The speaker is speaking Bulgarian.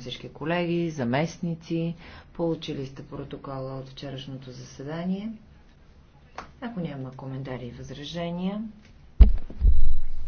всички колеги, заместници. Получили сте протокола от вчерашното заседание. Ако няма коментари и възражения,